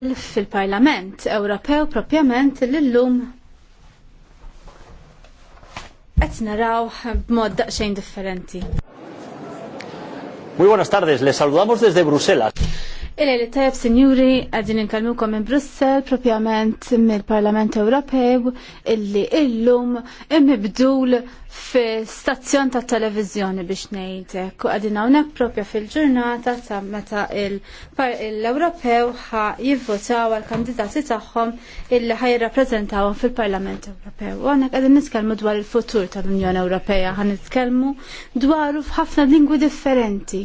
fil-Parlament Ewropew propjament l-lum qed naraw b'mod daqsxejn differenti. Muy buenas tardes, les saludamos desde Bruselas. Ile li tajab sinjuri għadin inkalmukom minn Brussel, propjament mill-Parlament Ewropew, illi illum imibdul fi stazzjon ta' televizjoni biex ngħidlek u għadin hawnhekk propja fil-ġurnata ta' meta l-Ewropew ħa jivvotaw għal kandidati tagħhom illi ħaj jirrappreżentawhom fil-Parlament Ewropew. U għandek qegħdin nitkellmu dwar il-futur tal-Unjoni Ewropea ħan niskelmu dwaru f'ħafna lingwi differenti.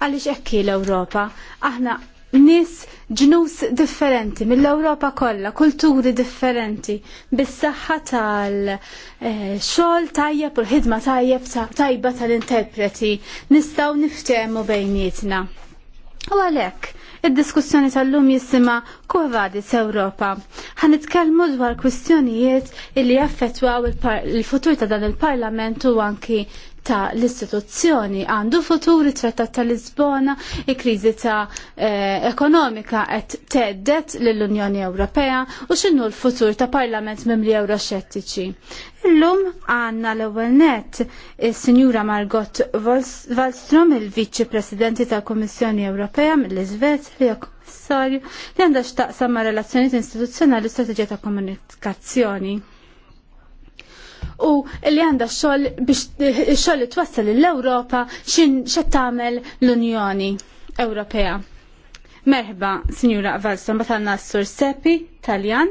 Għaliex hekk l-Ewropa aħna nis ġnus differenti mill-Ewropa kollha, kulturi differenti, bis-saħħa tal-xogħol eh, tajjeb u l-ħidma tajjeb tajba tal-interpreti nistgħu niftehmu bejnietna. U għalhekk, id-diskussjoni tal-lum jisima Europa. Ewropa. Ħanitkellmu dwar kwistjonijiet illi jaffettwaw il-futur ta' dan il-Parlament u anki ta' l-istituzzjoni għandu futur it-trattat ta' Lisbona, il-kriżi ta' eh, ekonomika qed teddet lill-Unjoni Ewropea u x'inhu l-futur ta' Parlament Membri Euroxettiċi. Illum għanna l-ewwel net is-Sinjura Margot Wallström, il-Viċi Presidenti tal-Kummissjoni Ewropea mill-Iżvezja, Kommissarju, li għandha x'taqsam ma' relazzjonijiet istituzzjonali u strateġija ta' komunikazzjoni u li għandha xogħol biex xogħol twassal l-Ewropa xin tagħmel l-Unjoni Ewropea. Merħba, Sinjura Valston, batalna s-Sur Seppi, Taljan,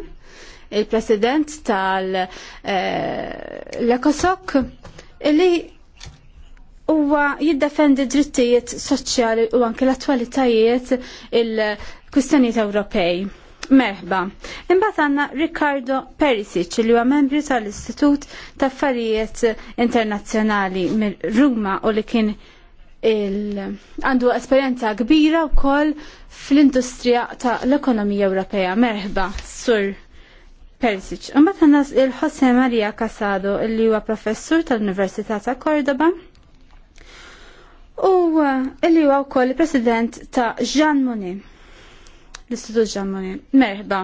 il-President tal-Ekosok, eh, li huwa jiddefendi drittijiet soċjali u anke l-attwalitajiet il-kustanijiet Ewropej merħba. Imbagħad għandna Riccardo Perisic li huwa membri tal-Istitut ta' Affarijiet Internazzjonali minn Ruma u li kien il għandu esperjenza kbira wkoll fl-industrija ta' l-ekonomija Ewropea. Merħba, Sur Perisic. Imbagħad għandna il-Jose Maria Casado li huwa professur tal-Università ta' Cordoba. U illi eh, huwa wkoll president ta' Jean Monnet l-Istitut Ġammoni. Merħba.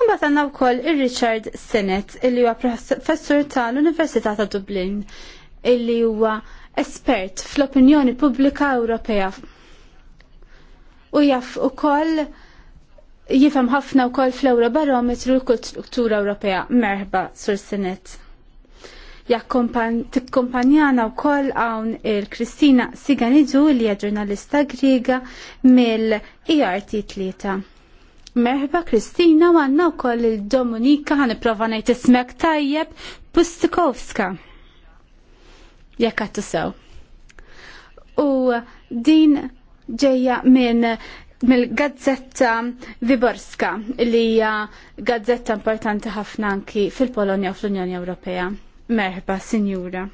Mbagħad għandna wkoll ir-Richard Sennett illi huwa professur tal-Università ta' Dublin illi huwa espert fl-opinjoni pubblika Ewropea. U jaf ukoll jifhem ħafna wkoll fl-Eurobarometru l-kultura Ewropea. Merħba, Sur Sennett u wkoll hawn il-Kristina Siganidu li hija ġurnalista griga mill-ERT tlieta. Merħba Kristina u għandna wkoll il-Dominika ħaniprofa ngħid ismek tajjeb Pustikowska. Jekk għattu sew. U din ġejja minn mill-gazzetta Viborska li hija gazzetta importanti ħafna anki fil-Polonja u fl-Unjoni Ewropea. Merba, Sinjura.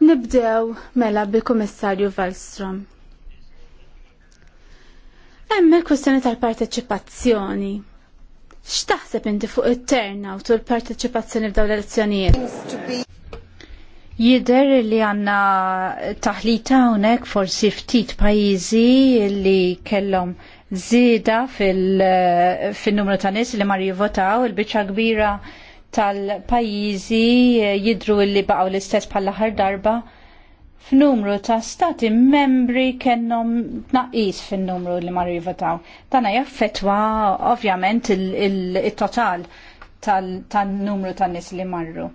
Nibdew mela bil-Kummissarju Wallström. Hemm il-kwistjoni tal-parteċipazzjoni. X'taħseb inti fuq it terna u l-parteċipazzjoni f'dawn l-elezzjonijiet? Jider li għanna taħlita unek forsi ftit pajizi li kellom zida fil-numru fil ta' nis li mar jivvotaw il-bicċa kbira tal-pajjiżi eh, jidru li baqgħu l-istess bħall-aħħar darba f'numru ta' stati membri kellhom tnaqqis fin-numru li ma rivataw. Tana jaffetwa ovvjament il-total tan-numru tan nies li marru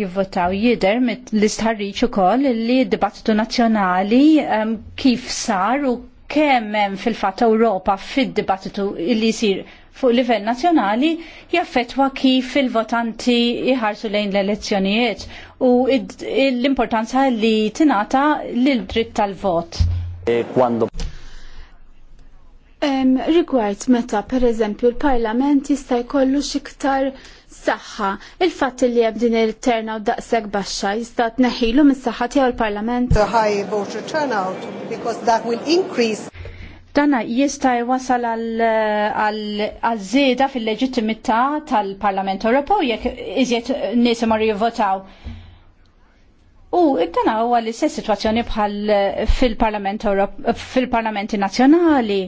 jivvotaw jider l-istħarriċ ukoll li d-dibattitu nazzjonali ehm, kif sar u kemm hemm fil-fatt Ewropa fid-dibattitu li jsir fuq livell nazzjonali jaffetwa kif il-votanti iħarsu lejn l-elezzjonijiet u l-importanza li tinata l-dritt tal-vot. Um, rigward meta per eżempju l-Parlament jista' jkollu xiktar saħħa. Il-fatt li hemm din il-terna u daqshekk baxxa jista' tneħħilu mis-saħħa tiegħu l-Parlament. The high voter turnout because that will increase Dana jista' jwasal għal żieda fil-leġittimità tal-Parlament Ewropew jekk iżjed nies imorru jivvotaw. U dana huwa l-istess sitwazzjoni bħal fil-Parlament fil-Parlamenti Nazzjonali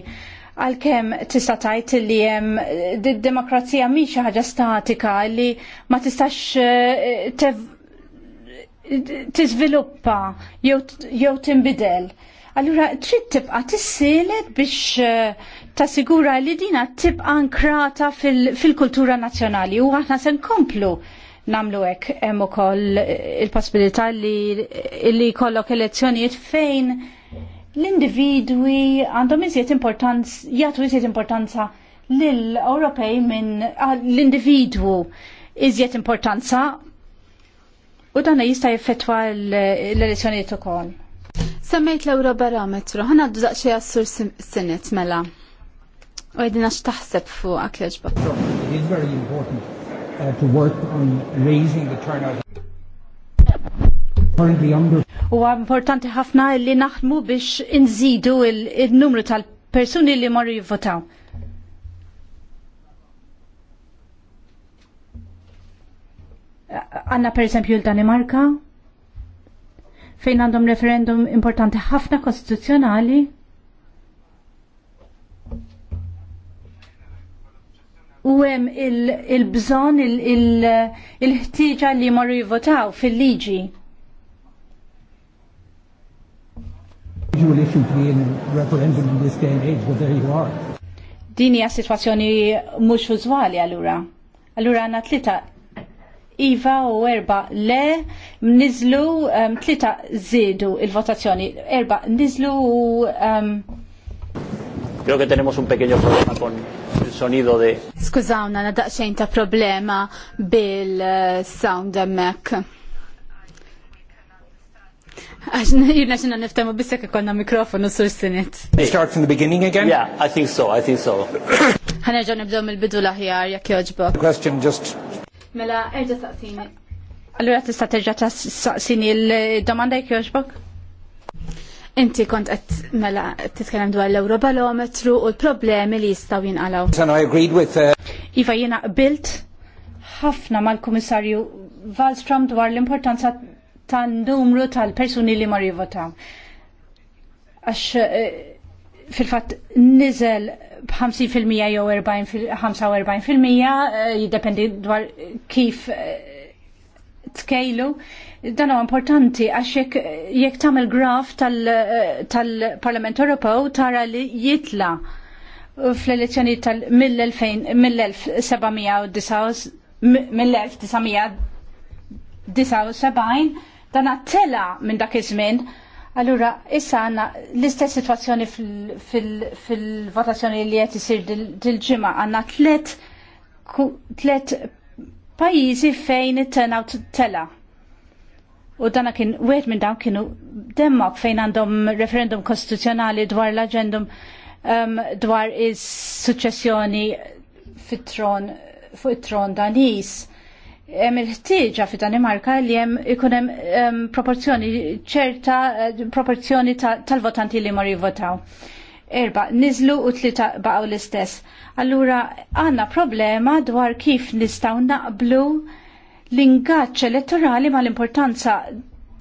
għalkemm tista' tgħid li hemm demokrazija mhix xi ħaġa statika li ma tistax tiżviluppa jew tinbidel. Allura, trid tibqa tissielet biex eh, tasigura li dina tibqa nkrata fil-kultura fil nazzjonali u aħna se nkomplu namlu hekk hemm ukoll eh, il-possibilità eh, li jkollok elezzjonijiet fejn l-individwi għandhom iżjed importanza jagħtu iżjed importanza lill Ewropej minn l-individwu iżjed importanza u dan jista' jiffettwa l-elezzjonijiet ukoll. Semmejt l Barometru, ħana għaddu daqxie għassur s-sinet mela. U għedina xtaħseb fuq għakleġ bakru. It very important uh, to work on raising the turnout. U importanti ħafna li naħdmu biex inżidu il-numru tal-persuni li marru jivvotaw. Għanna per esempio il-Danimarka, fejn għandhom referendum importanti ħafna kostituzzjonali u hemm il-bżonn il il-ħtieġa li jmorru jivvotaw fil-liġi. Dini għas situazzjoni mux użwali għallura. Allura għanna tlita iva u erba le, nizlu um, tlita zidu il-votazzjoni, erba nizlu u... Um... Creo que tenemos un pequeño problema con il sonido de... Skużawna, na daqxejn ta' problema bil-sound uh, emmek. Għaxna jirna xina niftemu bissek ikonna mikrofonu sur sinit. Start from the beginning again? Yeah, I think so, I think so. Ħanerġaw nibdew mill-bidu l-aħjar, jek joġbok. Question just Mela, erġa saqsini. Allura tista' terġa' saqsini l-domanda jekk jogħġbok? Inti kont qed mela titkellem dwar l-Eurobalometru u l-problemi li jistgħu jinqalgħu. Uh, iva jiena qbilt ħafna mal-Kummissarju Wallstrom dwar l-importanza tan-numru tal-persuni li mar jivvotaw. Għax eh, fil-fat nizel b'50% jew 45% jiddependi dwar kif tkejlu. Dan huwa importanti għax jekk tagħmel graf tal-Parlament Ewropew tara li jitla fl-elezzjoni tal mill mill-1979 dan għattela minn dak iż-żmien Allura, issa għanna l-istess situazzjoni fil-votazzjoni li għet jisir dil-ġimma għanna tlet pajizi fejn it-tena tela. U dana kien, u minn dawn kienu demmok fejn għandhom referendum konstituzjonali dwar l-agendum um, dwar is-suċessjoni fit-tron fuq it-tron danis hemm il-ħtieġa fi Danimarka li hemm ikun hemm proporzjoni ċerta eh, proporzjoni tal-votanti li mor jivvotaw. Erba, niżlu u tlita baqgħu l-istess. Allura għandna problema dwar kif nistgħu naqblu l-ingaġġ elettorali ma l-importanza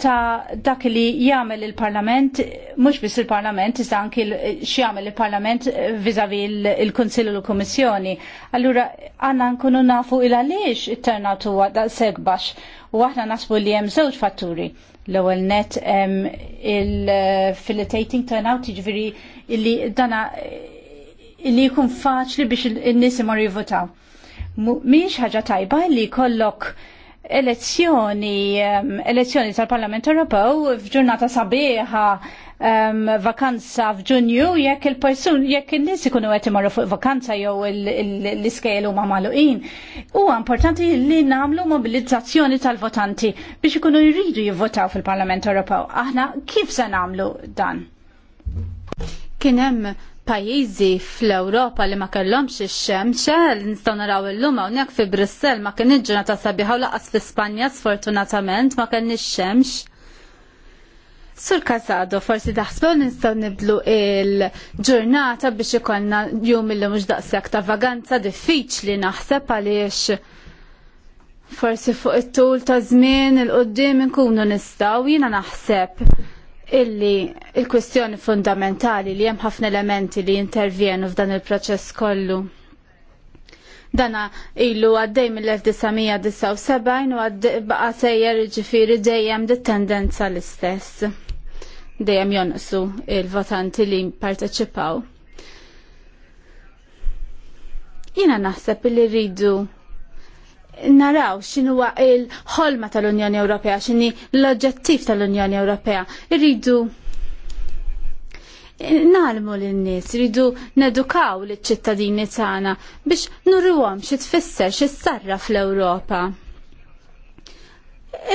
ta' dak li jagħmel il-Parlament, mhux biss il-Parlament, iżda anki x'jagħmel il-Parlament viżavi il-Kunsill u l-Kummissjoni. Allura għandna nkunu nafu il għaliex it-turnat huwa daqshekk baxx u aħna nasbu li hemm żewġ fatturi. L-ewwel net il-facilitating turnout jiġifieri li dana li jkun faċli biex in-nies imorru jivvotaw. Mhix ħaġa tajba li jkollok elezzjoni, ehm, elezzjoni tal-Parlament Ewropew f'ġurnata sabiħa um, vakanza f'Ġunju jekk il-persun jekk in-nies ikunu qed imorru fuq vakanza jew l-iskejl huma magħluqin. Huwa importanti li nagħmlu mobilizzazzjoni tal-votanti biex ikunu jridu jivvotaw fil-Parlament Ewropew. Aħna kif se nagħmlu dan? Kien hemm pajizi fl-Europa li ma kellhomx ix-xemxa li nistgħu naraw illum hawnhekk fi Brussell ma kien ġurnata sabiħa u laqas fi Spanja sfortunatament ma kellni x xemx Sur Casado, forsi daħsbew nistgħu niblu il-ġurnata biex ikollna jum illi mhux daqshekk ta' vaganza diffiċli naħseb għaliex forsi fuq it-tul ta' żmien il-qudiem inkunu nistgħu jiena naħseb illi il-kwestjoni fundamentali li hemm ħafna elementi li intervjenu f'dan il-proċess kollu. Dana ilu għaddej mill-1979 u għaddej baqa sejjer ġifiri dejjem dit-tendenza l-istess. Dejjem jonqsu il-votanti li parteċipaw. Jina naħseb li rridu naraw x'inhuwa il-ħolma tal-Unjoni Ewropea, x'inhi l-oġġettiv tal-Unjoni Ewropea. Irridu nalmu l-nies, rridu nedukaw l-ċittadini tagħna biex nurruwom xi tfisser xi sarra fl-Ewropa.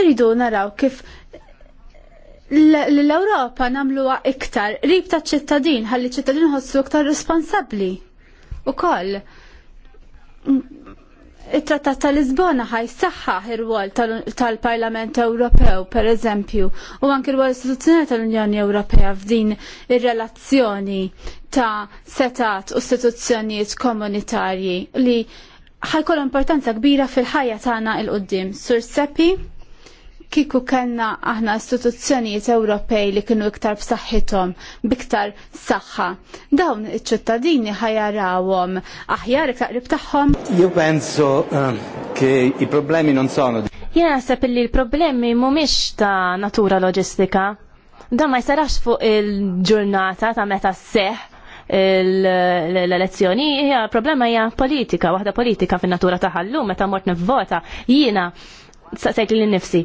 Irridu naraw kif l-Ewropa nagħmluha iktar rib taċ ċittadin ħalli ċittadin ħossu iktar responsabbli. koll, it-Trattat tal-Lisbona ħaj saħħaħ ir-rwol tal-Parlament Ewropew, per eżempju, u anke r-rwol istituzzjonali tal-Unjoni Ewropea f'din ir-relazzjoni ta' setat u istituzzjonijiet komunitarji li ħajkol importanza kbira fil-ħajja tagħna il-qudiem. Sur Seppi? kiku kanna aħna istituzzjonijiet Ewropej li kienu iktar b'saħħithom, biktar saħħa. Dawn iċ-ċittadini ħajarawhom aħjar taqrib tagħhom. Io penso eh, che i problemi non sono. Jiena naħseb li l-problemi mhumiex ta' natura loġistika. Dan ma jsarax fuq il-ġurnata ta' meta seħ l-elezzjoni hija problema hija politika, waħda politika fin-natura taħallu meta mort nivvota jiena saqsejt li nifsi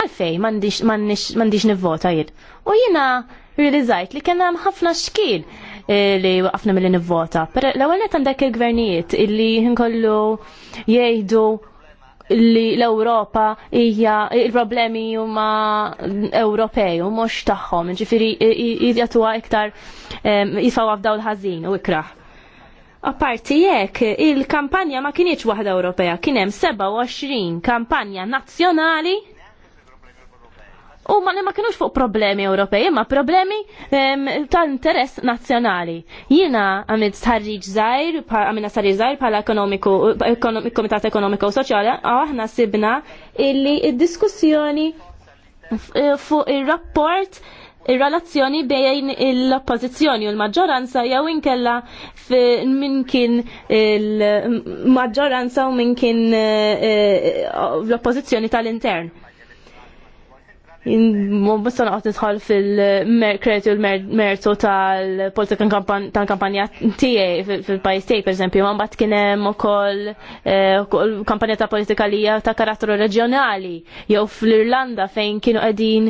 għalfej mandiġ nivvota jid. U jina realizajt li kena ħafna xkil eh, li għafna mill nivvota. Per l-ewwel qed għandek il-gvernijiet illi jinkollu jgħidu li l-Ewropa hija il-problemi huma Ewropej u mhux tagħhom, ġifieri jagħtuha iktar jifawa l ħażin u ikraħ. Apparti jekk il-kampanja ma kienieċ waħda Ewropea, kien hemm 27 kampanja nazzjonali u ma li ma kienux fuq problemi Ewropej, ma problemi ta' interess nazzjonali. Jiena għamilt sarriġ zaħir, għamil sarriġ zaħir bħala ekonomiku, komitat ekonomiku u soċjali, aħna sibna illi il diskussjoni fuq il-rapport il-relazzjoni bejn l-oppozizjoni u l-maġġoranza jew inkella minn kien il-maġġoranza u minn kien eh, eh, l-oppozizjoni tal-intern. Mbista naqt nidħol fil u l-mertu tal-politika tal-kampanja tiegħi fil tijie, per esempio, ma mbagħad kien hemm ukoll eh, kampanja ta' politika li ta' karattru reġjonali jew fl-Irlanda fejn kienu qegħdin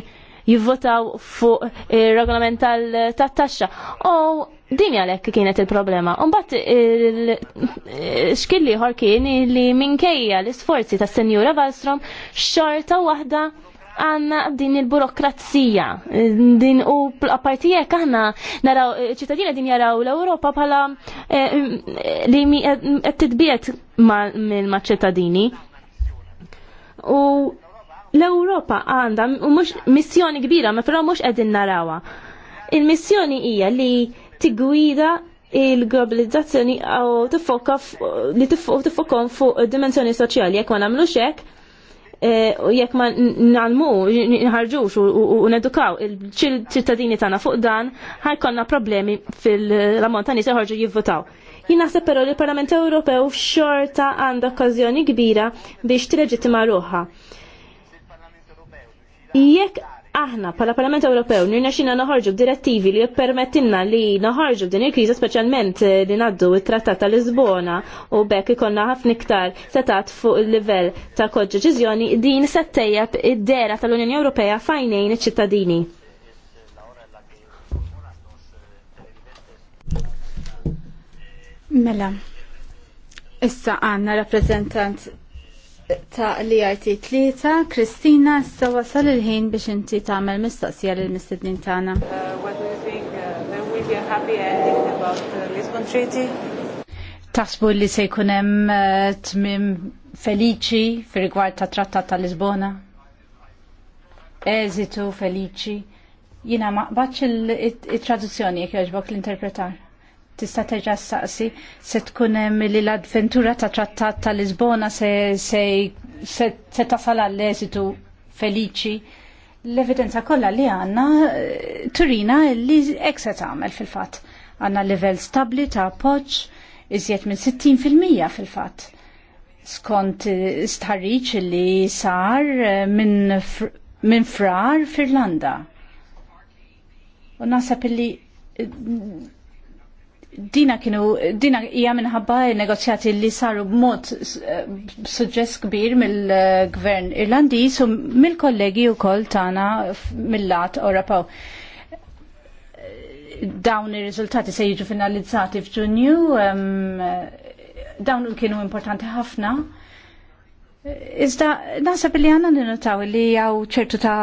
jivvotaw fuq regolament tal-taxxa. U din għalek kienet il-problema. Mbatt xkilli ħor kien li minkejja l-isforzi tas-Senjura Valstrom xorta waħda għanna din il-burokrazija. Din u partijek għanna naraw, ċittadina din jaraw l-Europa pala eh, li eh, titbiet ma' ċittadini. U l-Europa għanda missjoni kbira, ma' fra mux għedin narawa. Il-missjoni hija li tigwida il-globalizzazzjoni u tifokka li tifokom fuq dimensjoni soċjali jekk ma nagħmlux hekk Eh, u jekk ma nalmu, nħarġux u nedukaw il-ċittadini tagħna fuq dan, ħajkonna problemi fil lamontani se ħarġu jivvotaw. Jien naħseb però li l-Parlament Ewropew xorta għandha okkażjoni kbira biex tileġittima ruħha. Jekk aħna pala Parlament Ewropew xina noħorġu direttivi li jippermettilna li noħorġu din il-kriża speċjalment eh, li ngħaddu it-Trattat ta' Lisbona u bekk ikonna ħafna iktar setat fuq il-livell ta' kod ġizjoni, din se id-dera tal-Unjoni Ewropea fajnejn iċ-ċittadini. Mela, issa għanna rappresentant ta' li għajti tlieta, Kristina, issa wasal il-ħin biex inti tagħmel mistoqsija lil mistednin tagħna. Taħsbu li se jkun hemm uh, tmim feliċi fir-rigward ta' Trattat ta' Lisbona? Eżitu feliċi. Jina maqbaċ il-traduzzjoni jekk jogħġbok l-interpretar tista' terġa' saqsi se tkun hemm li l-avventura ta' trattat ta' Lisbona se, se, se, se tasal għall-eżitu feliċi. L-evidenza kollha li għandna eh, turina li ekse tagħmel fil-fatt. Għandna livell stabbli ta' appoġġ iżjed minn 60% fil-fatt. Skont eh, stħarriċ li sar eh, minn min frar Firlanda. U nasab li dina kienu, dina hija minħabba negozjati li saru b'mod eh, suġġess kbir mill-gvern Irlandiż u mill-kollegi wkoll tagħna mill-lat Orapaw. Dawn ir-riżultati se jiġu finalizzati f'Ġunju, dawn kienu importanti ħafna. Iżda, nasab li għanna ninnotaw li għaw ċertu, ta,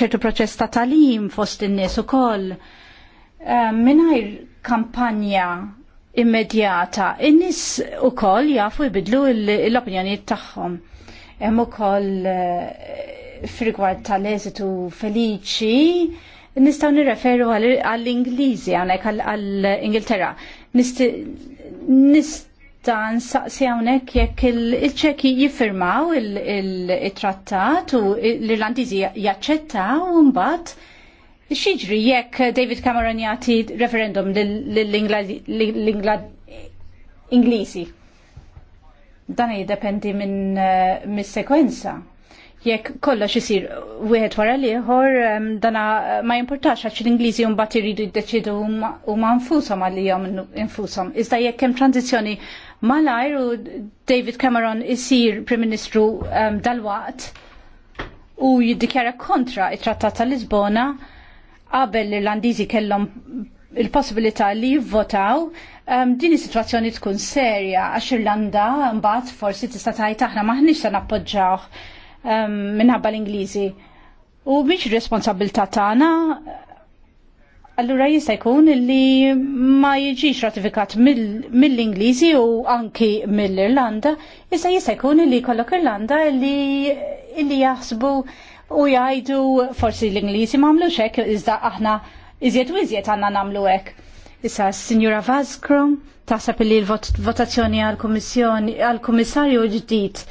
ċertu proċess ta' talim fost in-nies ukoll. koll Eh, Minajr kampanja immedjata, in u koll jafu jibidlu l-opinjoni tagħhom. Hemm ukoll eh, frigward tal-eżitu feliċi, nistaw nirreferu għall-Ingliżi għanek għall-Ingilterra. Nista nsaqsi għonek jekk il-ċeki jiffirmaw il-trattat u l-Irlandiżi jaċċettaw u bat Xieġri jekk David Cameron jagħti referendum l-Inglisi? Dan jiddependi minn eh, mis-sekwenza. Jekk kollox xisir wieħed wara l-ieħor dana eh, ma jimportax għax l-Ingliżi mbagħad iridu jiddeċidu huma nfushom għalihom infushom. Iżda jekk hemm tranzizzjoni malajr u David Cameron isir Prim Ministru dalwaqt u jiddikjara kontra it-Trattat tal-Lisbona, qabel l-Irlandiżi kellhom il-possibilità li jivvotaw um, din is-sitwazzjoni tkun serja għax Irlanda mbagħad forsi tista' tgħid aħna maħniex se nappoġġawh um, minħabba l-Ingliżi. U mhix responsabilità tagħna Allura jista' jkun li ma jiġix ratifikat mill-Ingliżi mil u anki mill-Irlanda, issa jista' jkun li kollok Irlanda li, li jaħsbu u jgħidu forsi l-Ingliżi mamlu xek, iżda aħna iżjed u iżjed għanna namlu hekk. Issa, Signora Vaskro, tasab li l-votazzjoni għal komissarju għal ġdid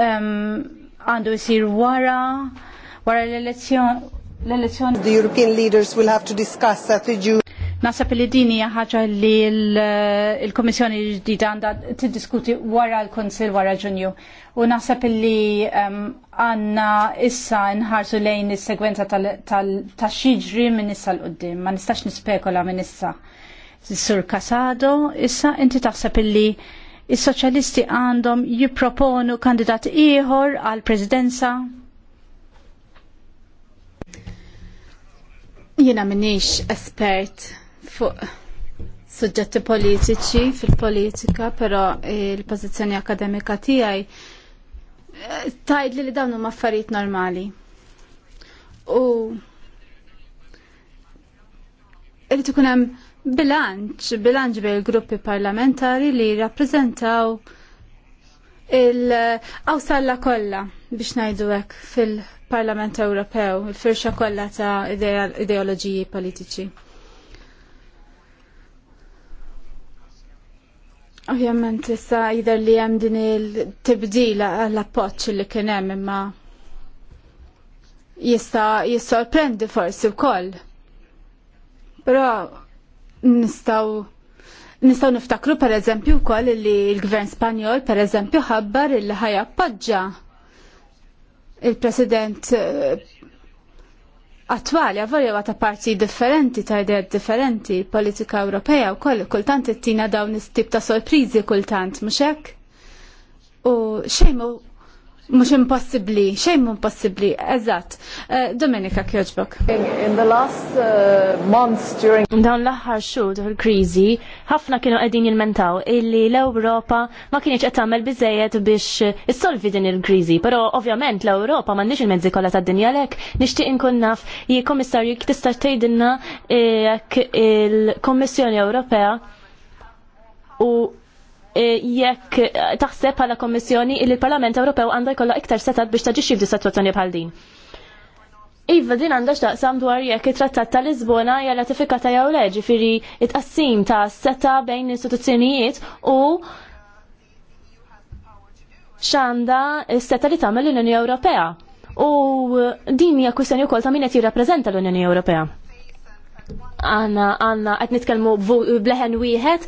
għandu jisir wara, wara l-elezzjoni. L-elezzjoni. The European leaders will have to discuss at the June. Nasab li din hija ħaġa li eh, l-Komissjoni ġdida għandha tiddiskuti wara l-Konsil wara Ġunju. U nasab li ehm, għandna issa nħarsu lejn is-segwenza tal xiġri minn issa l-qoddim, ma nistax nispekola minn issa. Sur Casado, issa inti taħseb li il soċjalisti għandhom jipproponu kandidat ieħor għal-Presidenza? Jena minix espert fuq suġġetti politiċi fil-politika, però il-pożizzjoni akademika tiegħi eh, tajd li li dawn huma affarijiet normali. U irid ikun hemm bilanċ, bilanċ bejn il-gruppi parlamentari li jirrappreżentaw il-awsalla kollha biex ngħidu hekk fil-Parlament Ewropew, il-firxa kollha ta' ideoloġiji politiċi. Ovvjament issa jidher li hemm din il-tibdila l appoġġ li kien hemm imma jista' jissorprendi forsi wkoll. Però nistgħu Nistaw niftakru per eżempju li l-gvern Spanjol per eżempju ħabbar il appoġġa il-president attwali għavarja għata parti differenti, ta' ideat differenti, politika Ewropea u koll, kultant it-tina dawn istib ta' sorprizi kultant, muxek? U xejmu Mux impossibli, xejn impossibli, eżatt. Eh, Domenika Kjoġbok. In the last uh, months during... Dawn l-aħħar xhur fil-kriżi, ħafna kienu qegħdin jilmentaw illi l-Ewropa ma kienx qed tagħmel biżejjed biex eh, issolvi din il-kriżi, però ovvjament l-Ewropa m'għandniex il-mezzi kollha tad-dinja għalhekk nixtieq inkun naf jie kummissarju tista' tgħidilna eh, jekk il-Kommissjoni Ewropea u Eh, jekk eh, taħseb bħala Kommissjoni li l-Parlament Ewropew għandha jkollha iktar setat biex taġixxi f'di situazzjoni bħal din. Iva din għandha x'taqsam dwar jekk it-Trattat ta' Lisbona hija ratifikata jew le, ġifieri it-qassim ta' seta bejn istituzzjonijiet u x'għandha s-seta li tagħmel l-Unjoni Ewropea. U din hija kwistjoni wkoll ta' min qed jirrappreżenta l-Unjoni Ewropea għanna għanna għed nitkelmu bleħen wieħed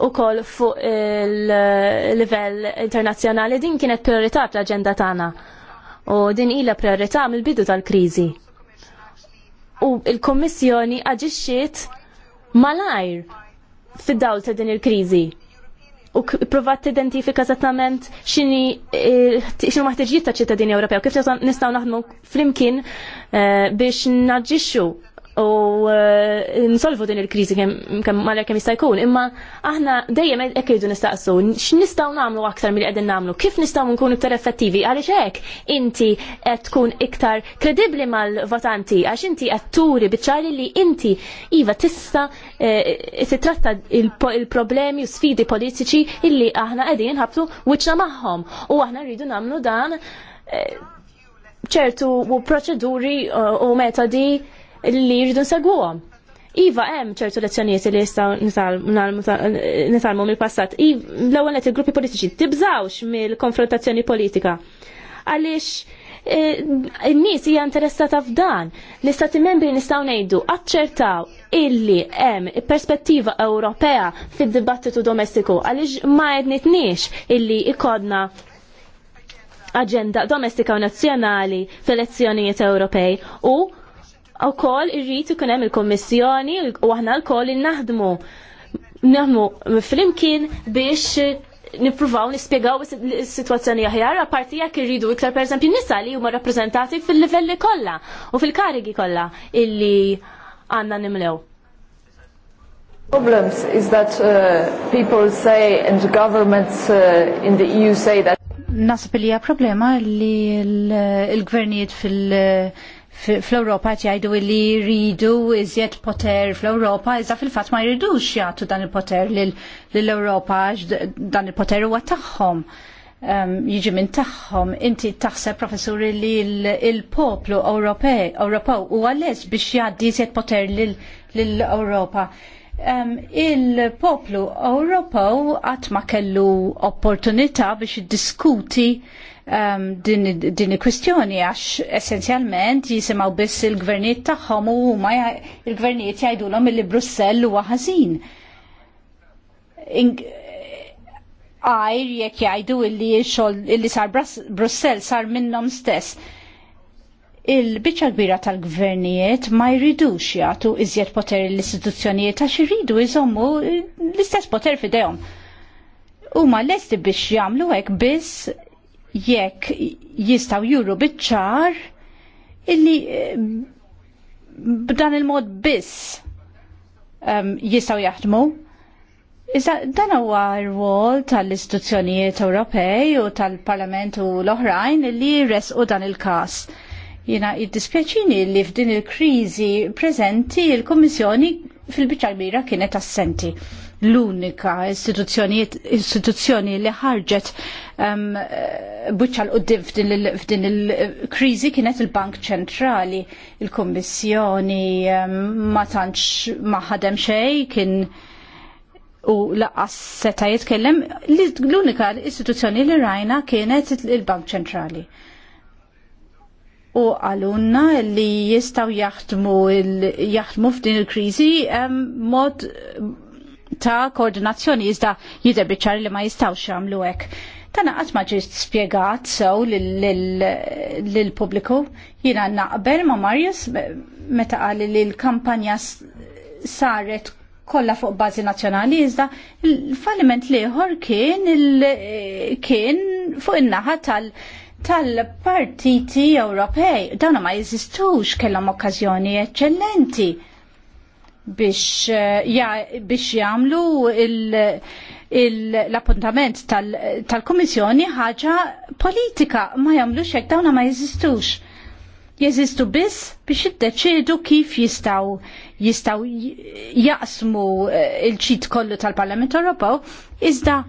u koll fuq il-level eh, internazjonali din kienet priorità fl-agenda tagħna. U din ila priorità mill-bidu tal-kriżi. U il-Kommissjoni aġixxiet malajr fid-dawl ta' din il-kriżi u provat t-identifika x'inhi eh, xini maħtiġijiet ta' ċittadini Ewropew, kif nistgħu naħdmu flimkien eh, biex naġġixxu u eh, nsolvu din il-krizi kemm malek kemm jista' jkun, imma aħna dejjem hekk irridu nistaqsu x'nistgħu nagħmlu aktar milli qegħdin nagħmlu, kif nistgħu nkunu iktar effettivi għaliex hekk inti qed tkun iktar kredibbli mal-votanti għax inti qed turi biċċari li inti iva tista' eh, titratta il-problemi u sfidi politiċi illi aħna qegħdin nħabtu wiċċna magħhom u aħna rridu nagħmlu dan eh, ċertu proċeduri u metodi li jridu nsegwuhom. Iva, hemm ċertu lezzjonijiet li jistgħu nitalmu mill-passat. L-ewwel qed il-gruppi politiċi tibżawx mill-konfrontazzjoni politika. Għaliex e, n nies hija interessata f'dan. L-istati membri nistgħu ngħidu aċċertaw illi hemm perspettiva Ewropea fid-dibattitu domestiku għaliex ma jednitniex illi ikodna aġenda domestika u nazzjonali fl-elezzjonijiet Ewropej u u kol irrit ikun hemm il-kommissjoni u aħna l-kol naħdmu Naħmu fl-imkien biex nipruvaw nispiegaw is-sitwazzjoni aħjar apparti jekk irridu iktar esempio nisa li huma rappreżentati fil-livelli kollha u fil-karigi kollha illi għandna nimlew. Problems is that uh, people say and the governments uh, in the EU say that Nasab li problema li l-gvernijiet fil- fl-Europa jgħidu li jridu iżjed poter fl-Europa, iżda fil-fat ma jridux jgħatu dan il-poter l-Europa, dan il-poter huwa tagħhom. Jiġi minn tagħhom, inti taħseb professuri li l-poplu Ewropew huwa għalles biex jgħaddi iżjed poter lill-Europa. Il-poplu Ewropew qatt ma kellu opportunità biex diskuti um, din il-kwistjoni għax essenzjalment jisimaw biss il-gvernijiet tagħhom u huma il-gvernijiet jgħidulhom illi Brussell huwa ħażin. Għajr jekk jgħidu illi xogħol illi sar Brussell sar minnhom stess. Il-biċċa kbira tal-gvernijiet ma jridux jagħtu iżjed poter l-istituzzjonijiet għax jridu jżommu l-istess poter fidejhom. l-esti biex jagħmlu hekk biss jekk jistaw juru bitċar illi eh, b'dan il-mod biss um, jistaw jaħdmu. Iżda dan huwa r-wol tal-istituzzjonijiet Ewropej u tal-Parlament u l-oħrajn li resqu dan il-każ. Jina jiddispjaċini li f'din il-kriżi preżenti il-Kummissjoni fil-biċċa kbira kienet assenti l-unika istituzzjoni li ħarġet um, buċċa l-qoddim f'din il-krizi kienet il-Bank Ċentrali, il-Kommissjoni um, ma tantx ma ħadem xej kien u laqqas seta jitkellem l-unika istituzzjoni li rajna kienet il-Bank Ċentrali u għalunna li jistaw jaħdmu jaħdmu f'din il-krizi um, mod ta' koordinazzjoni iżda jidher biċar li ma jistgħux jagħmlu hekk. Tana qatt ma ġiet spjegat sew lill-pubbliku jiena naqbel ma' Marius meta qal li l-kampanja saret kollha fuq bażi nazzjonali iżda l-falliment liħor kien kien fuq in-naħa tal- tal-partiti Ewropej. dawna ma jeżistux kellhom okkażjoni eċċellenti biex, eh, ja, biex jamlu l-appuntament tal-Komissjoni tal ħaġa politika ma jamlux hekk dawna ma jeżistux. Jeżistu biss biex iddeċidu kif jistaw jistaw jaqsmu eh, il-ċit kollu tal-Parlament Ewropew iżda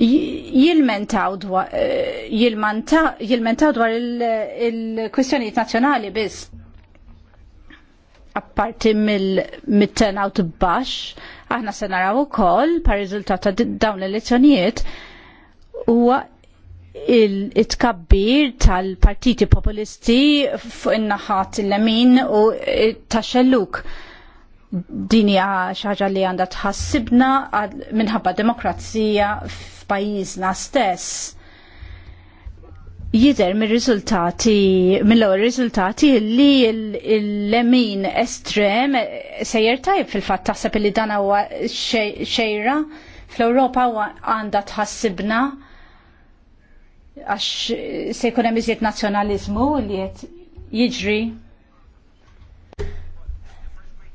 jilmentaw dwar eh, jilmentaw dwar il-kwistjonijiet nazzjonali biss apparti mill-mitten out bax, aħna se naraw ukoll par riżultat ta' dawn l-elezzjonijiet huwa il-tkabbir tal-partiti populisti fuq in-naħat il-lemin u tax-xelluk. Din hija xi ħaġa li għandha tħassibna minħabba demokrazija f'pajjiżna stess jider mir-riżultati, mill-ewwel riżultati li l-lemin estrem sejjer tajb fil-fatt taħseb li dan huwa xejra fl-Ewropa għandha tħassibna għax se jkun hemm iżjed nazzjonaliżmu li qed jiġri.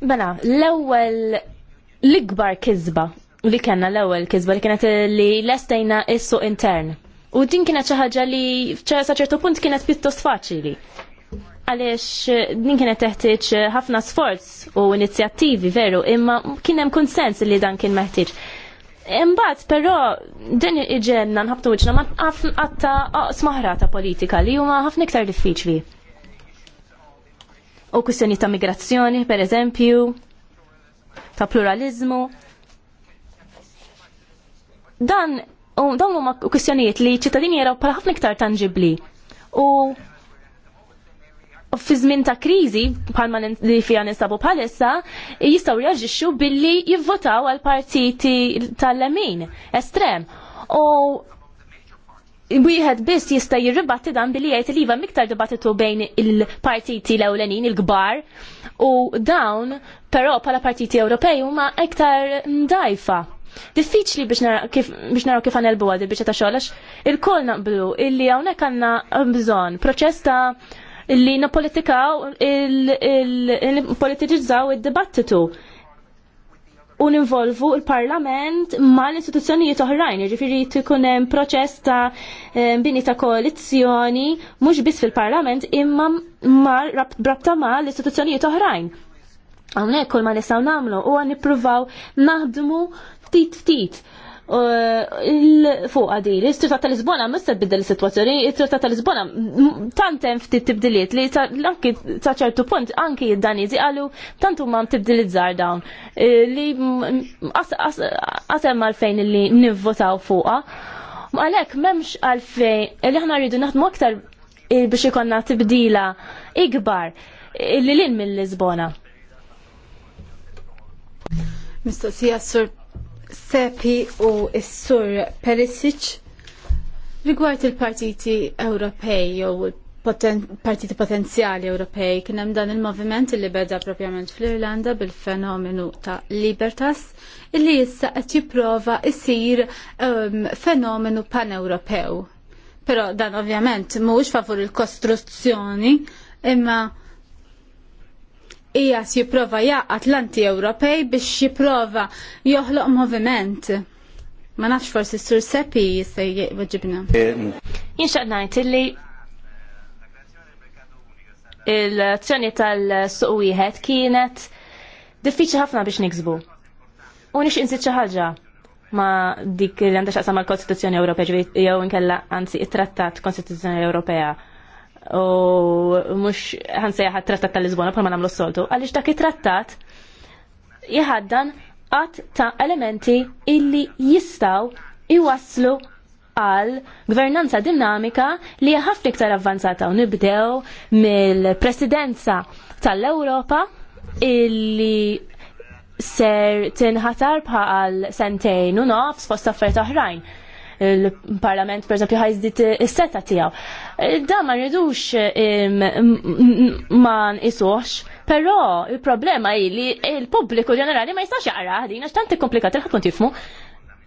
Mela, l-ewwel l-ikbar kisba li kellna l-ewwel kisba li kienet li lestejna issu intern U din kienet xi ħaġa li sa ċertu punt kienet pjuttost faċili. Għaliex eh, din kienet teħtieġ eh, ħafna sforz u inizjattivi veru, imma kien hemm konsens li dan kien meħtieġ. Imbagħad però din iġenna nħabtu wiċċna ma qatta smaħra ta' politika li huma ħafna iktar diffiċli. U kwistjoni ta' migrazzjoni, per eżempju, ta' pluralizmu, dan U dawn huma kwistjonijiet li ċittadini jaraw bħala ħafna iktar tangibli. U fi żmien ta' kriżi bħalma li fija nistabu bħalissa jistgħu jaġixxu billi jivvotaw għal partiti tal-lemin estrem. U wieħed biss jista' jirribatti dan billi jgħid li iva miktar dibattitu bejn il-partiti l-ewlenin il-kbar u dawn però bħala partiti Ewropej huma iktar ndajfa. Diffiċli biex naraw kif għanelbu għadi biex ta' xogħol il-koll naqblu illi hawnhekk għandna bżonn proċess ta' illi napolitikaw il-politiġizzaw id-dibattitu Un involvu il-parlament ma l-istituzzjonijiet oħrajn, ġifiri tkun hemm proċess ta' bini ta' koalizjoni mhux biss fil-parlament imma ma rabta ma l-istituzzjonijiet oħrajn. Hawnhekk kol ma nistgħu nagħmlu għan nippruvaw naħdmu ftit ftit il-fuqa di, l-istrata tal-Lisbona mista tbiddel il-situazzjoni, l-istrata tal-Lisbona tantem ftit tibdiliet li anki ta' ċertu punt anki id-Danizi għalu tantu ma' tibdiliet zar dawn eh, li għasem għalfejn li nivvotaw fuqa. Għalek memx għalfejn eh, li ħna rridu naħdmu aktar eh, biex ikonna tibdila ikbar li l-in mill-Lisbona. Mistoqsija sur Sepi u s-sur Perisic rigward il-partiti Ewropej jew partiti potenzjali Ewropej kien hemm dan il-moviment li beda propjament fl-Irlanda bil-fenomenu ta' Libertas illi issa qed jipprova jsir um, ehm, fenomenu pan-Ewropew. Però dan ovvjament mhux favur il-kostruzzjoni imma ijas jiprofa jaqat l-anti Ewropej biex jiprofa joħloq moviment. Ma nafx forsi s sur seppi jista' għagġibna. Jinxaq najt illi l-azzjoni tal-suq wieħed kienet diffiċli ħafna biex niksbu. U nix insit ħaġa ma dik li għandha xaqsam mal-Kostituzzjoni Ewropea jew inkella anzi it-Trattat Kostituzzjoni Ewropea u mux ħansejja trattat tal-Lisbona ma namlu s-soltu, għalix dak it-trattat jħaddan għat ta' elementi illi jistaw iwaslu għal gvernanza dinamika li ħafna iktar avvanzata u nibdew mill-presidenza tal-Europa illi ser tinħatar bħal sentejn u nofs fost affarijiet oħrajn il-parlament per esempio ħajżdit is-seta tiegħu. Da ma rridux ma nisux, però il-problema hi li il-pubbliku ġenerali ma jistax jaqra ħdina x'tant komplikat il tkun tifmu.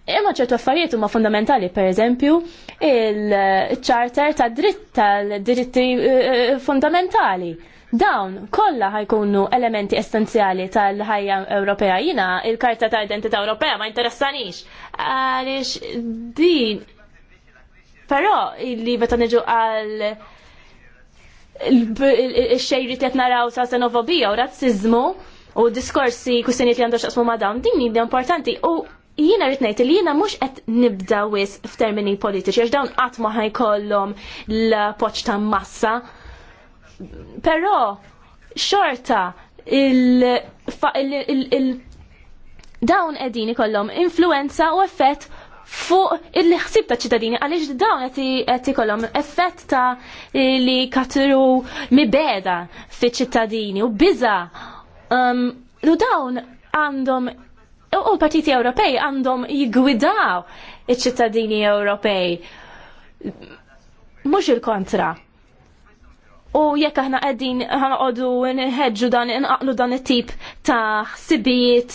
Imma ċertu affarijiet huma fundamentali, per eżempju, il-charter ta' dritt tal-diritti eh, eh, fundamentali Dawn kollha ħajkunu elementi essenzjali tal-ħajja Ewropea. Jina il-karta ta' identità Ewropea ma interessanix. Għaliex din però li beta niġu għal il-xejri qed naraw sa' xenofobija u razzizmu u diskorsi kwistjonijiet li għandu x'asmu ma' dawn din hija importanti u jina ritnejt li jina mux qed nibda wis f'termini politiċi, għax dawn qatt ma ħajkollhom l poċta ta' massa Però xorta il dawn qegħdin ikollhom influenza u effett fuq il-ħsib ta' ċittadini għaliex dawn qed ikollhom effett ta' li katru mibeda fiċ-ċittadini u biża. Um, u dawn għandhom u l-partiti Ewropej għandhom jigwidaw iċ-ċittadini Ewropej. Mhux il-kontra. U jekk aħna qegħdin ħanqodu nħeġġu dan inqaqlu dan it-tip ta' ħsibijiet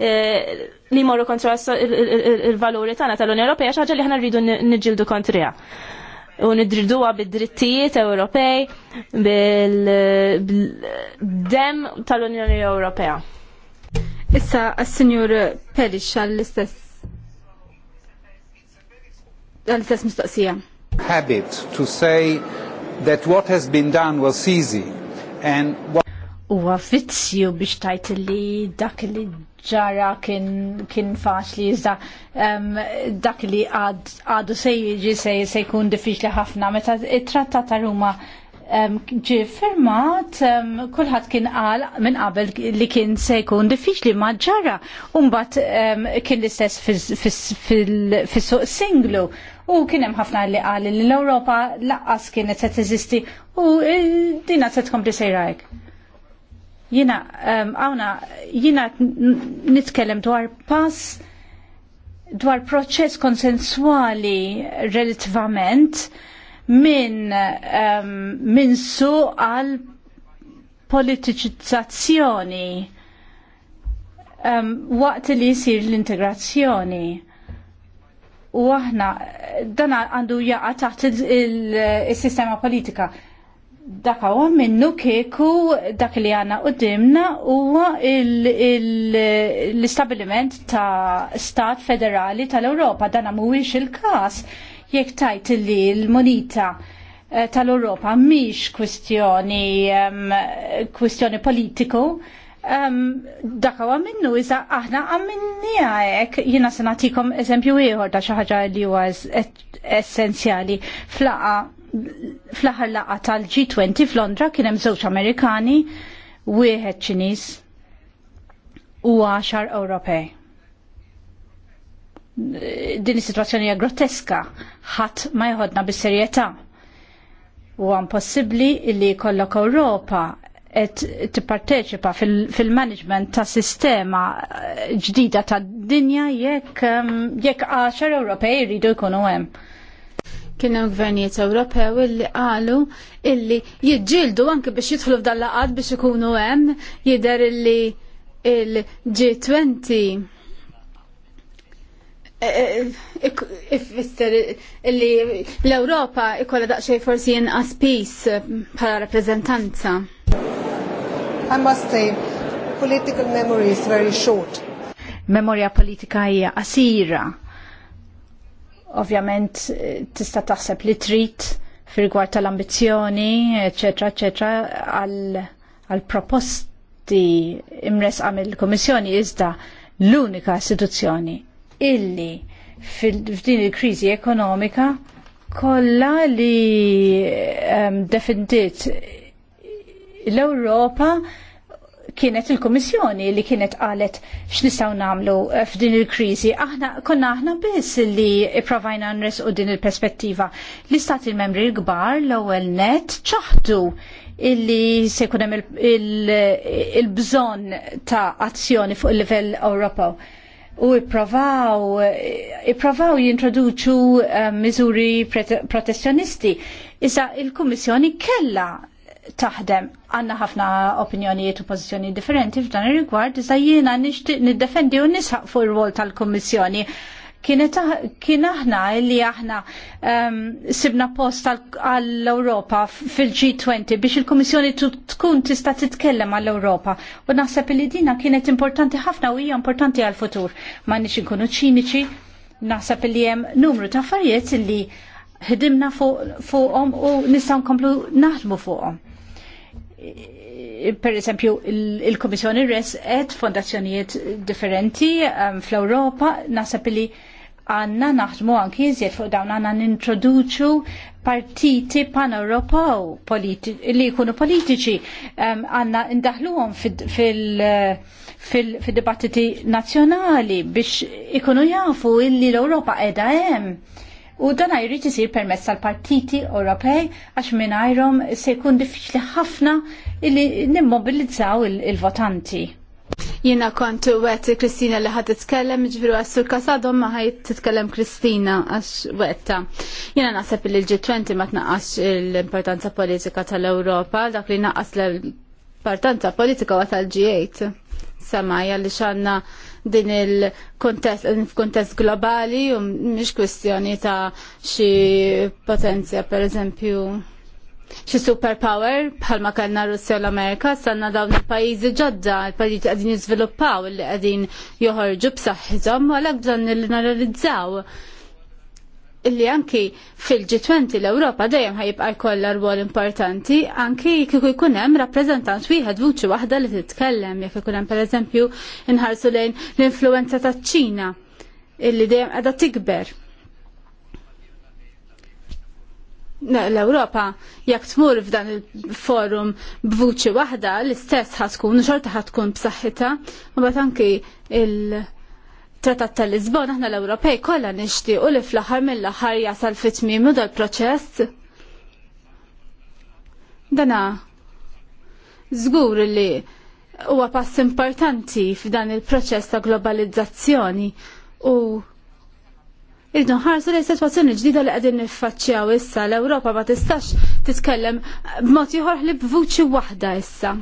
eh, li morru kontra il-valuri tagħna tal unjoni Ewropea xi ħaġa li aħna rridu niġġieldu kontriha. U nidriduha bid-drittijiet Ewropej bil-dem tal-Unjoni Ewropea. Issa għas-Sinjur Perix għall-istess għall-istess mistoqsija. Habit to say that what has been done was easy and what Uwa fitzju biex tajt li dak li ġara kien, kien faċli iżda um, dak li għadu ad, se sej se jkun diffiċli ħafna meta it trattata Ruma ġi firmat, kullħat kien qal minn qabel li kien se jkun diffiċli ma ġara, umbat kien l-istess fis-suq singlu. U kien hemm ħafna li qal li l-Ewropa laqqas kienet se teżisti u dina se tkompli sejrajk. Jina, għawna, jina nitkellem dwar pass dwar proċess konsensuali relativament minn um, ehm, min su għal politiċizzazzjoni um, waqt li jisir l-integrazzjoni. U aħna, dan għandu jaqa taħt il-sistema politika. Dak huwa minnu kieku dak li għanna u dimna huwa l-istabiliment ta' stat federali tal-Ewropa. Dan mhuwiex il-każ jekk tajt li l-monita eh, tal-Europa miex kwistjoni kwestjoni kwistjoni politiku daka għam minnu iza aħna minnija ek, jina se nagħtikom eżempju ieħor ta' xaħġa ħaġa li huwa essenzjali flaqa fl-aħħar laqa tal-G20 f'Londra kien hemm żewġ Amerikani wieħed Ċiniż u għaxar Ewropej din is-sitwazzjoni hija groteska, ħadd ma jħodna bis-serjetà. Huwa impossibbli li jkollok Ewropa qed tipparteċipa fil-management ta' sistema eh, ġdida ta' dinja jekk mm, jekk għaxar Ewropej jridu jkunu hemm. Kien hemm gvernijiet Ewropew illi qalu illi jiġġieldu anke biex jidħlu f'dan laqad biex ikunu hemm jidher illi il-G20 ifisser li l-Ewropa ikolla daqsxej forsi jinqas pis eh, bħala rappreżentanza. I must say, political memory is very short. Memoria politika hija qasira. Ovvjament eh, tista' taħseb li trid firigward rigward tal-ambizzjoni, eċetera, eċetera, għal proposti imresqa mill-Kummissjoni iżda l-unika istituzzjoni illi f'din il-kriżi ekonomika kollha li um, ehm, defendit l-Ewropa kienet il-Komissjoni li kienet qalet x'nistgħu nagħmlu eh, f'din il-kriżi. Aħna konna aħna biss li ipprovajna nresqu din il-perspettiva. L-istati membri l-kbar l-ewwel net ċaħdu illi se jkun hemm il-bżonn ta' azzjoni fuq il-livell Ewropew u ipprovaw ipprovaw jintroduċu eh, miżuri protezzjonisti. Issa il-Kummissjoni kella taħdem għanna ħafna opinjonijiet u pozizjoni differenti f'dan ir-rigward, iżda jiena nixtieq niddefendi u nisħaq fuq ir-rwol tal-Kummissjoni Ah, kien aħna li aħna um, sibna post għall-Europa fil-G20 biex il-Komissjoni tkun tista' titkellem għall-Europa u naħseb li dina kienet importanti ħafna u hija importanti għall-futur. Ma nix inkunu ċiniċi, naħseb li hemm numru ta' affarijiet li ħidimna fuqhom u nistgħu nkomplu naħdmu fuqhom per eżempju, il-Komissjoni il res et fondazzjonijiet differenti um, fl-Europa nasab li għanna naħdmu anki jizjet fuq dawn għanna nintroduċu partiti pan-Europew li jkunu politiċi għanna um, għom fil-dibattiti nazjonali biex ikunu jafu illi l-Europa edha hemm. U dan jrid isir permezz tal-partiti Ewropej għax mingħajrhom se jkun diffiċli ħafna illi nimmobilizzaw il-votanti. Il Jiena kont wet Kristina li ħad titkellem, ġviru għassur kasadom ma ħajt titkellem Kristina għax wetta. Jina naħseb li l-G20 ma tnaqqax l-importanza politika tal-Europa, dak li naqqas l-importanza politika għat tal-G8. Samaja li xanna din il-kontest, kontest globali, u mhix kwestjoni ta' xi potenzja, per eżempju, xi superpower bħalma kellna Russja u l-Amerika sanna dawn il-pajjiżi ġodda, il-pajjiżi qegħdin jiżviluppaw li qegħdin joħorġu b'saħħithom u għalhekk bżonn li naralizzaw illi anki fil-G20 l-Ewropa dejjem ħajibqa' jkollha rwol importanti anki kieku jkun hemm rappreżentant wieħed vuċi waħda li titkellem jekk ikun hemm pereżempju inħarsu lejn l-influenza taċ-Ċina illi dejjem qiegħda tikber. l-Europa jekk tmur f'dan il-forum b'vuċi waħda l-istess ħatkun u xorta ħatkun b'saħħitha u bat anki il-Trattat tal-Lisbon aħna l-Ewropej kollha nixtiequ li fl-aħħar mill-aħħar jasal fit-tmiem u dal-proċess. Dana żgur li huwa pass importanti f'dan il-proċess ta' globalizzazzjoni u Irridu nħarsu li s situazzjoni ġdida li qegħdin niffaċċjaw issa l-Ewropa ma tistax titkellem b'mod ieħor li b'vuċi waħda issa.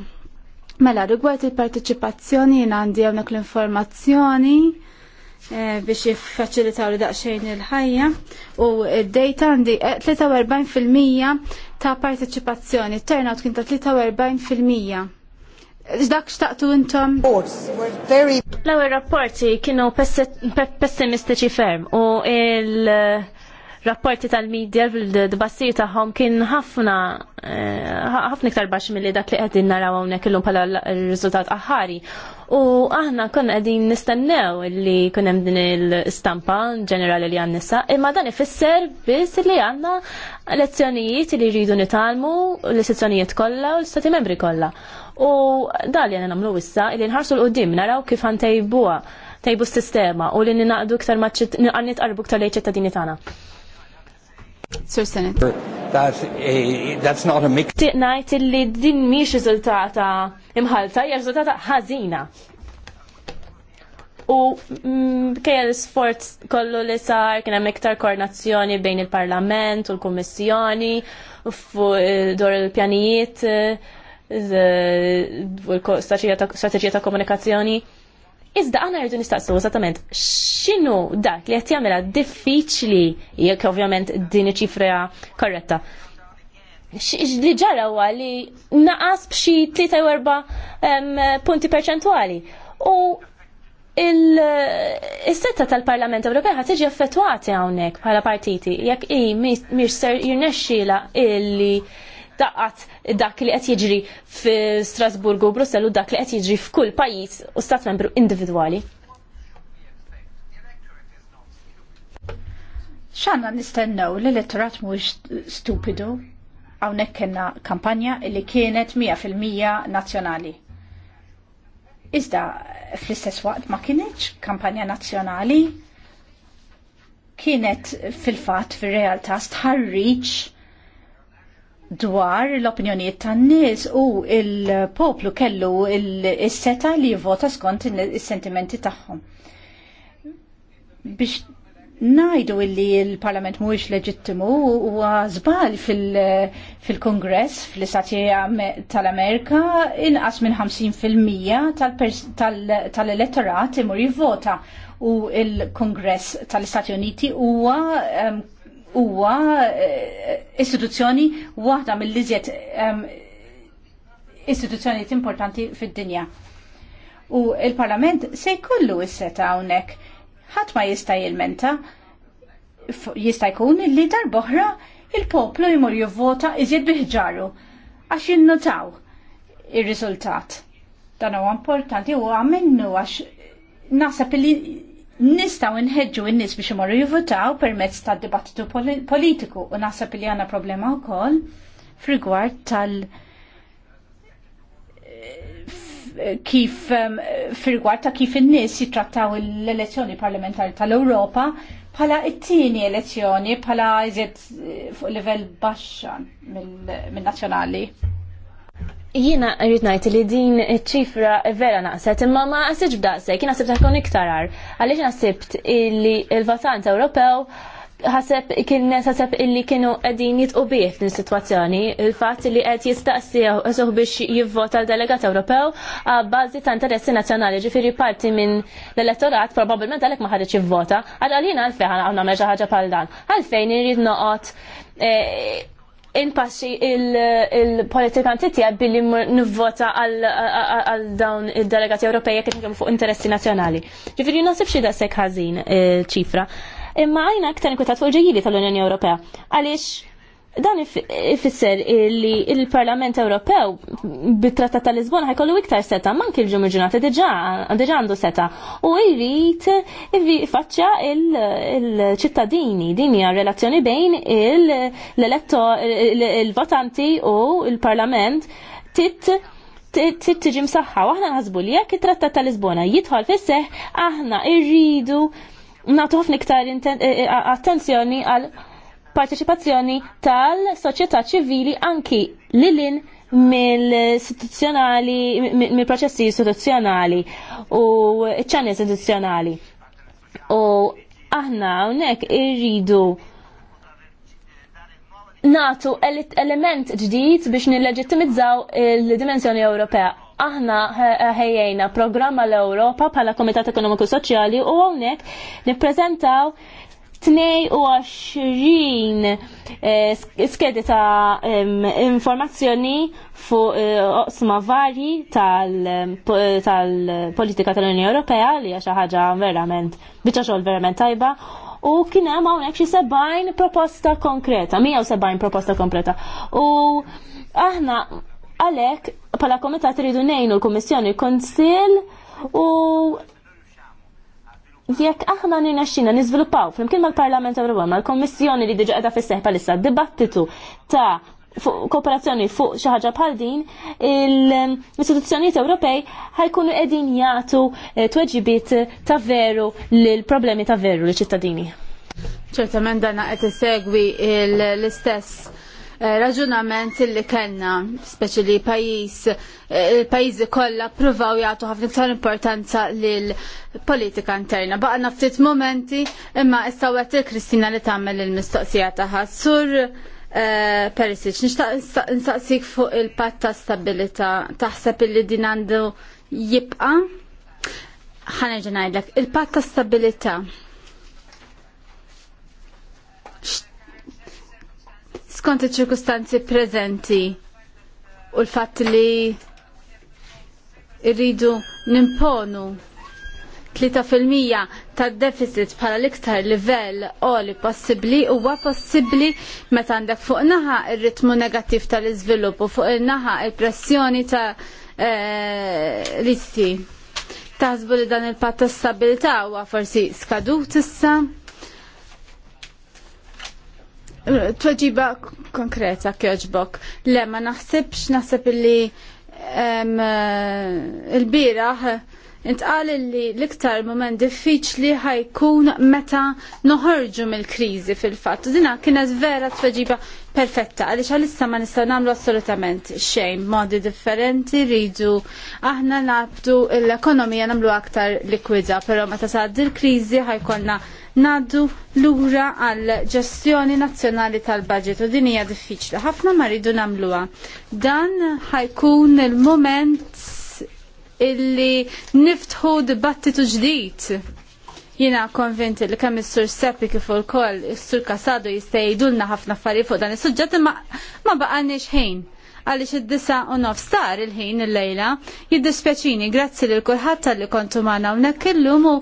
Mela, rigward il-partiċipazzjoni jien għandi hawnhekk l-informazzjoni eh, biex jiffaċilitaw li daqsxejn il-ħajja u id-data għandi 43% eh, ta' partiċipazzjoni, turnout kien ta' 43%. Dak xtaqtu intom? L-ewwel rapporti kienu pessimistiċi ferm u il rapporti tal-medja fil-dbassir tagħhom kien ħafna eh, ħafna iktar baxx milli dak li qegħdin naraw hawnhekk illum bħala r-riżultat aħħari. U aħna konna qegħdin nistennew li kien hemm din il istampa ġenerali li għan nisa, imma dan ifisser biss li għandna lezzjonijiet li jridu nitalmu l-istituzzjonijiet kollha u l istati membri kollha. U dal jena namlu issa, li nħarsu l-qoddim, naraw kif għan tajbuwa, tajbu s-sistema u li n-naqdu ktar maċċet, għannit qarbu ktar lejċet ta' dini tana. Sir Senate. Eh, that's not a mix. Tiqnajt li din miex rizultata imħalta, hija rizultata ħażina. U mm, kejja l-sforz kollu li sar kien hemm iktar koordinazzjoni bejn il-Parlament u l-Kummissjoni u eh, dwar il-pjanijiet eh, strategija ta' komunikazzjoni. Iżda għana rridu nistaqsu eżattament x'inhu dak li qed jagħmilha diffiċli jekk ovvjament din iċifra korretta. Li ġara u li naqas b'xi 3 punti perċentwali. U il-setta tal-Parlament Ewropej ħat tiġi effettwati hawnhekk bħala partiti jekk hi mhix jirnexxila illi daqqat dak li qed jiġri fi Strasburgu u Brussell u dak li qed jiġri f'kull pajjiż u stat membru individwali. ċanna nistennew li l-elettorat mhuwiex stupidu hawnhekk kellna kampanja li kienet 100% nazzjonali. Iżda fl-istess waqt ma kienx kampanja nazzjonali kienet fil-fatt fir-realtà stħarriċ dwar l-opinjoniet tan-nies u il-poplu kellu il-seta li jivvota skont is-sentimenti tagħhom. Biex najdu illi il-Parlament mhuwiex leġittimu huwa żbal fil-Kongress fl-Istati tal-Amerika inqas minn 50% tal-elettorat imur jivvota u il-Kongress tal-Istati Uniti huwa huwa eh, istituzzjoni waħda mill liżiet istituzzjoni importanti fid-dinja. U il-Parlament se jkollu s-seta hawnhekk. Ħadd ma jista' jilmenta jista' jkun li darb'oħra il-poplu jmur jivvota iżjed biħġaru għax jinnotaw ir-riżultat. Dan huwa importanti u għamennu għax naħseb li nistaw nħedġu n-nis biex imorru jivutaw permezz ta' dibattitu politiku u nasab li għana problema u koll frigward tal- kif frigward ta' kif in-nies jitrattaw l-elezzjoni parlamentari tal-Ewropa bħala it-tieni elezzjoni bħala iżjed fuq livell baxxa min nazzjonali Jiena rrid ngħid li din iċ-ċifra vera naqset, imma ma qasitx b'daqshekk, jien naħseb tkun iktar għaliex naħsibt li l-votant Ewropew ħaseb kien ħaseb illi kienu qegħdin jitqu bih din is-sitwazzjoni, il-fatt li qed jistaqsiew isuh biex jivvota l-delegat Ewropew bażi ta' interessi nazzjonali, ġifieri parti minn l-elettorat probabbilment għalhekk ma ħareġ jivvota. Għal għalina għalfejn għandna meġa ħaġa bħal dan. Għalfejn irid noqgħod eh, inpaxxi il-politikanti tiegħek billi nivvota għal dawn id-delegati Ewropeja jekk inkellmu fuq interessi nazzjonali. Ġifieri naħseb xi daqshekk ħażin ċifra. Imma għajna aktar inkwetat fuq ġejjili tal-Unjoni Ewropea. Għaliex dan ifisser li il-Parlament Ewropew bit-Trattat ta' Lisbona ħajkollu iktar seta' manki l-ġum ġurnata diġa' għandu seta' u jrid faċċa il-ċittadini din hija relazzjoni bejn l-eletto il-votanti u il-Parlament tit tiġi msaħħa u aħna nħasbu li jekk it-Trattat ta' Lisbona jidħol fis aħna irridu nagħtu ħafna iktar attenzjoni għal parteċipazzjoni tal-soċjetà ċivili anki lilin mill-istituzzjonali, mill-proċessi istituzzjonali u ċan istituzzjonali. U aħna hawnhekk irridu natu element ġdid biex nilleġittimizzaw il-dimensjoni Ewropea. Aħna ħejjejna programma l-Ewropa bħala Komitat Ekonomiku Soċjali u hawnhekk nippreżentaw 22 eh, skedi ta' informazzjoni fuq eh, oqsma vari eh, tal-politika tal-Unjoni Ewropea li għaxa ħaġa verament, bieċa xogħol verament tajba u kien hemm hawnhekk xi sebgħin proposta konkreta, 170 proposta konkreta. U aħna għalhekk bħala komitat iridu nejnu l-Kummissjoni l-Konsil u jekk aħna ninaxxina niżviluppaw flimkien mal-Parlament Ewropew mal-Kommissjoni li diġa qiegħda fis-seħ bħalissa dibattitu ta' kooperazzjoni fuq xi ħaġa bħal din, l-istituzzjonijiet Ewropej ħajkunu qegħdin jagħtu eh, tweġibiet ta' veru lil problemi ta' veru liċ ċittadini. Ċertament dan qed isegwi l-istess Eh, raġunament li kellna, speċi li pajis, eh, il-pajizi kollha provaw jagħtu ħafna iktar importanza l politika interna. B'aqna ftit momenti imma issa il-Kristina li tagħmel il-mistoqsija tagħha. Sur eh, Perisic, nixtaq nsaqsik fuq il-patt ta' stabilità. Taħseb illi din għandu jibqa' ħanerġa' ngħidlek, il-patt ta' stabilità skont iċ-ċirkustanzi preżenti u l-fatt li irridu nimponu 3% tad deficit bħala l-iktar livell oli possibbli huwa possibbli meta għandek fuq naħa ir-ritmu negattiv tal-iżvilupp u fuq in-naħa il-pressjoni ta' listi. Eh, Taħsbu li dan il-patt ta' stabilità huwa forsi skadut issa? Tweġiba konkreta kħoġbok. Le, ma naħsibx, naħseb li eh, il-biraħ intqal li l-iktar moment diffiċli ħajkun meta noħorġu mill-kriżi fil-fatt. Dina kienet vera tweġiba perfetta, għaliex għalissa ma nistaw nagħmlu assolutament xejn modi differenti rridu aħna nabdu l-ekonomija nagħmlu aktar likwida, però meta sgħaddi l-kriżi ħajkonna naddu lura għal ġestjoni nazzjonali tal-budget u din hija diffiċli. Ħafna ma rridu nagħmluha. Dan ħajkun il-moment illi niftħu dibattitu ġdid. Jina konvinti li kemm is-sur Seppi kif ukoll is-sur Kasadu jista' jgħidulna ħafna affarijiet fuq dan is-suġġett ma, ma baqalniex ħin għaliex id-disa u star il-ħin il-lejla. Jiddispjaċini, grazzi lil kulħadd tal-li kontu maħna u nekkillum u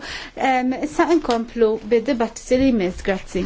sa nkomplu bid-dibattiti li jmiss, grazzi.